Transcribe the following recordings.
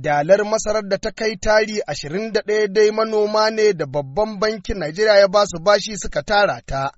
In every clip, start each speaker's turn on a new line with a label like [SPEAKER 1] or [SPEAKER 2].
[SPEAKER 1] dalar masarar da ta kai tari ashirin ɗaya dai manoma ne da babban bankin Najeriya ya ba su bashi suka tara ta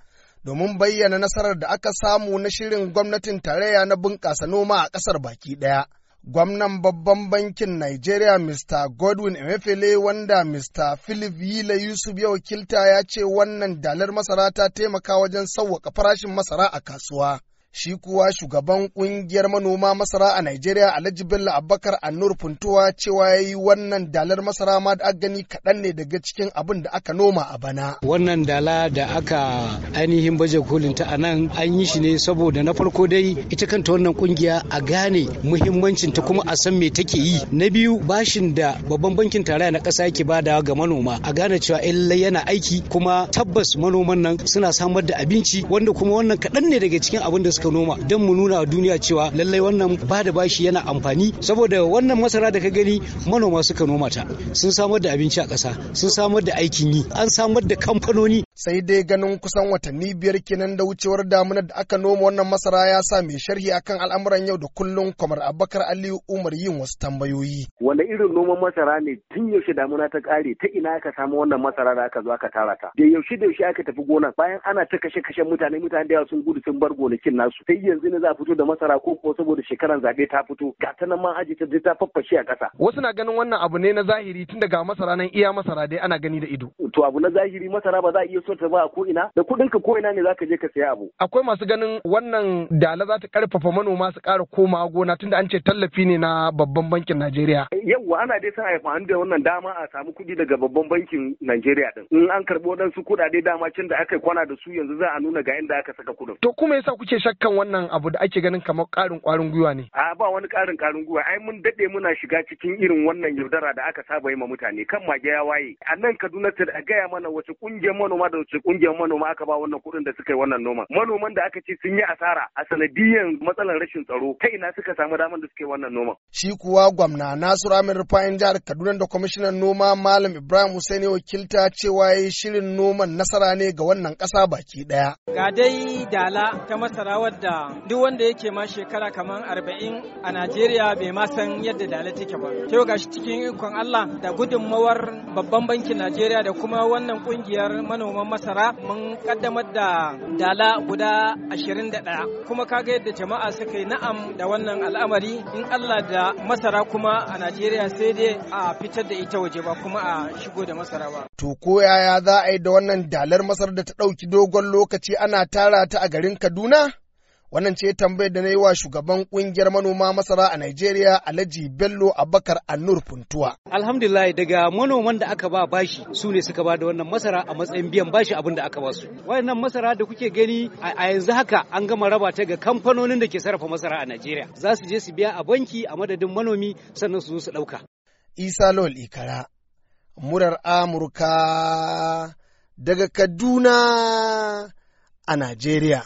[SPEAKER 1] domin bayyana nasarar da aka samu na shirin gwamnatin tarayya na bunƙasa noma a ƙasar baki ɗaya. Gwamnan babban bankin Najeriya Mr. Godwin Emefele wanda Mr. Philip Yila Yusuf ya wakilta ya ce wannan dalar masara ta taimaka wajen sauwaƙa farashin masara a kasuwa. shi kuwa shugaban kungiyar manoma masara a Najeriya Alhaji Bello Abubakar Annur Funtuwa cewa yayi wannan dalar masara ma da gani kaɗan ne daga cikin abin da aka noma a
[SPEAKER 2] bana. Wannan dala da aka ainihin baje kolin ta anan an yi shi ne saboda na farko dai ita kanta wannan kungiya a gane muhimmancin ta kuma a san me take yi. Na biyu bashin da babban bankin tarayya na ƙasa yake badawa ga manoma a gane cewa illai yana aiki kuma tabbas manoman nan suna samar da abinci wanda kuma wannan kaɗan ne daga cikin abin da suka suka noma don mu nuna duniya cewa lallai wannan ba da bashi yana amfani saboda wannan masara da ka gani manoma suka noma ta sun samar da abinci a ƙasa sun samar da aikin yi an samar da kamfanoni sai dai ganin kusan watanni biyar kenan da wucewar damunar da aka noma wannan masara
[SPEAKER 1] ya sa mai sharhi akan al'amuran yau da kullum kamar abakar aliyu umar yin wasu tambayoyi
[SPEAKER 3] wanda irin noman masara ne tun yaushe damuna ta kare ta ina aka samu wannan masara da aka zo aka tara ta da yaushe da yaushe aka tafi gona bayan ana ta kashe kashe mutane mutane da yawa sun gudu sun bar gonakin nasu sai yanzu ne za a fito da masara ko ko saboda shekaran zabe ta fito ga ta nan ma ta ta faffashe a kasa
[SPEAKER 1] wasu na ganin wannan abu ne na zahiri tun daga masara nan iya masara dai ana gani da ido to abu na zahiri masara
[SPEAKER 3] ba za a iya ta ba a ko'ina da kuɗin ka ko'ina ne zaka je ka saya abu. Akwai masu ganin wannan
[SPEAKER 1] dala za ta ƙarfafa manoma su ƙara koma gona tunda an ce tallafi ne na babban bankin Najeriya.
[SPEAKER 3] Yawwa ana dai san a amfani da wannan dama a samu kuɗi daga babban bankin Najeriya din. In an karɓi waɗansu kuɗaɗe dama can da aka kwana da su yanzu za a nuna ga inda aka saka kuɗin.
[SPEAKER 1] To kuma yasa kuke shakkan wannan abu da ake ganin kamar ƙarin ƙwarin gwiwa ne?
[SPEAKER 3] A ba wani ƙarin ƙwarin gwiwa ai mun daɗe muna shiga cikin irin wannan yaudara da aka saba yi ma mutane kan mage ya waye. A nan Kaduna ta gaya mana wace ƙungiyar manoma da ce kungiyar manoma aka ba wannan kudin da suka yi wannan noman manoman da aka ce sun yi asara a sanadiyar matsalar rashin tsaro ta ina suka samu damar da suke wannan noman
[SPEAKER 1] shi kuwa gwamna Nasiru Amin Rufa'in jihar Kaduna da kwamishinan noma Malam Ibrahim Hussaini wakilta cewa yi shirin noman nasara ne ga wannan kasa baki daya
[SPEAKER 4] ga dai dala ta masara wadda duk wanda yake ma shekara kamar arba'in a Najeriya bai ma san yadda dala take ba Ta yau gashi cikin ikon Allah da gudunmawar babban bankin Najeriya da kuma wannan kungiyar manoma noman masara mun kaddamar da dala guda 21 kuma kaga yadda jama'a suka yi na'am da wannan al'amari in Allah da masara kuma a Najeriya sai dai a fitar da ita waje ba kuma a shigo da masara ba.
[SPEAKER 1] To ko yaya za a yi da wannan dalar masar da ta ɗauki dogon lokaci ana tara ta a garin Kaduna? Wannan ce tambayar da na yi wa shugaban kungiyar manoma masara a Najeriya Alhaji Bello Abakar Annur Funtuwa.
[SPEAKER 2] Alhamdulillah daga manoman da aka ba bashi su ne suka ba da wannan masara a matsayin biyan bashi abin da aka ba su. Wannan masara da kuke gani a yanzu haka an gama raba ta ga kamfanonin da ke sarrafa masara a Najeriya. Za su je su biya a banki a madadin manomi sannan su zo su ɗauka.
[SPEAKER 1] Isa Lol Ikara, murar Amurka daga Kaduna a Najeriya.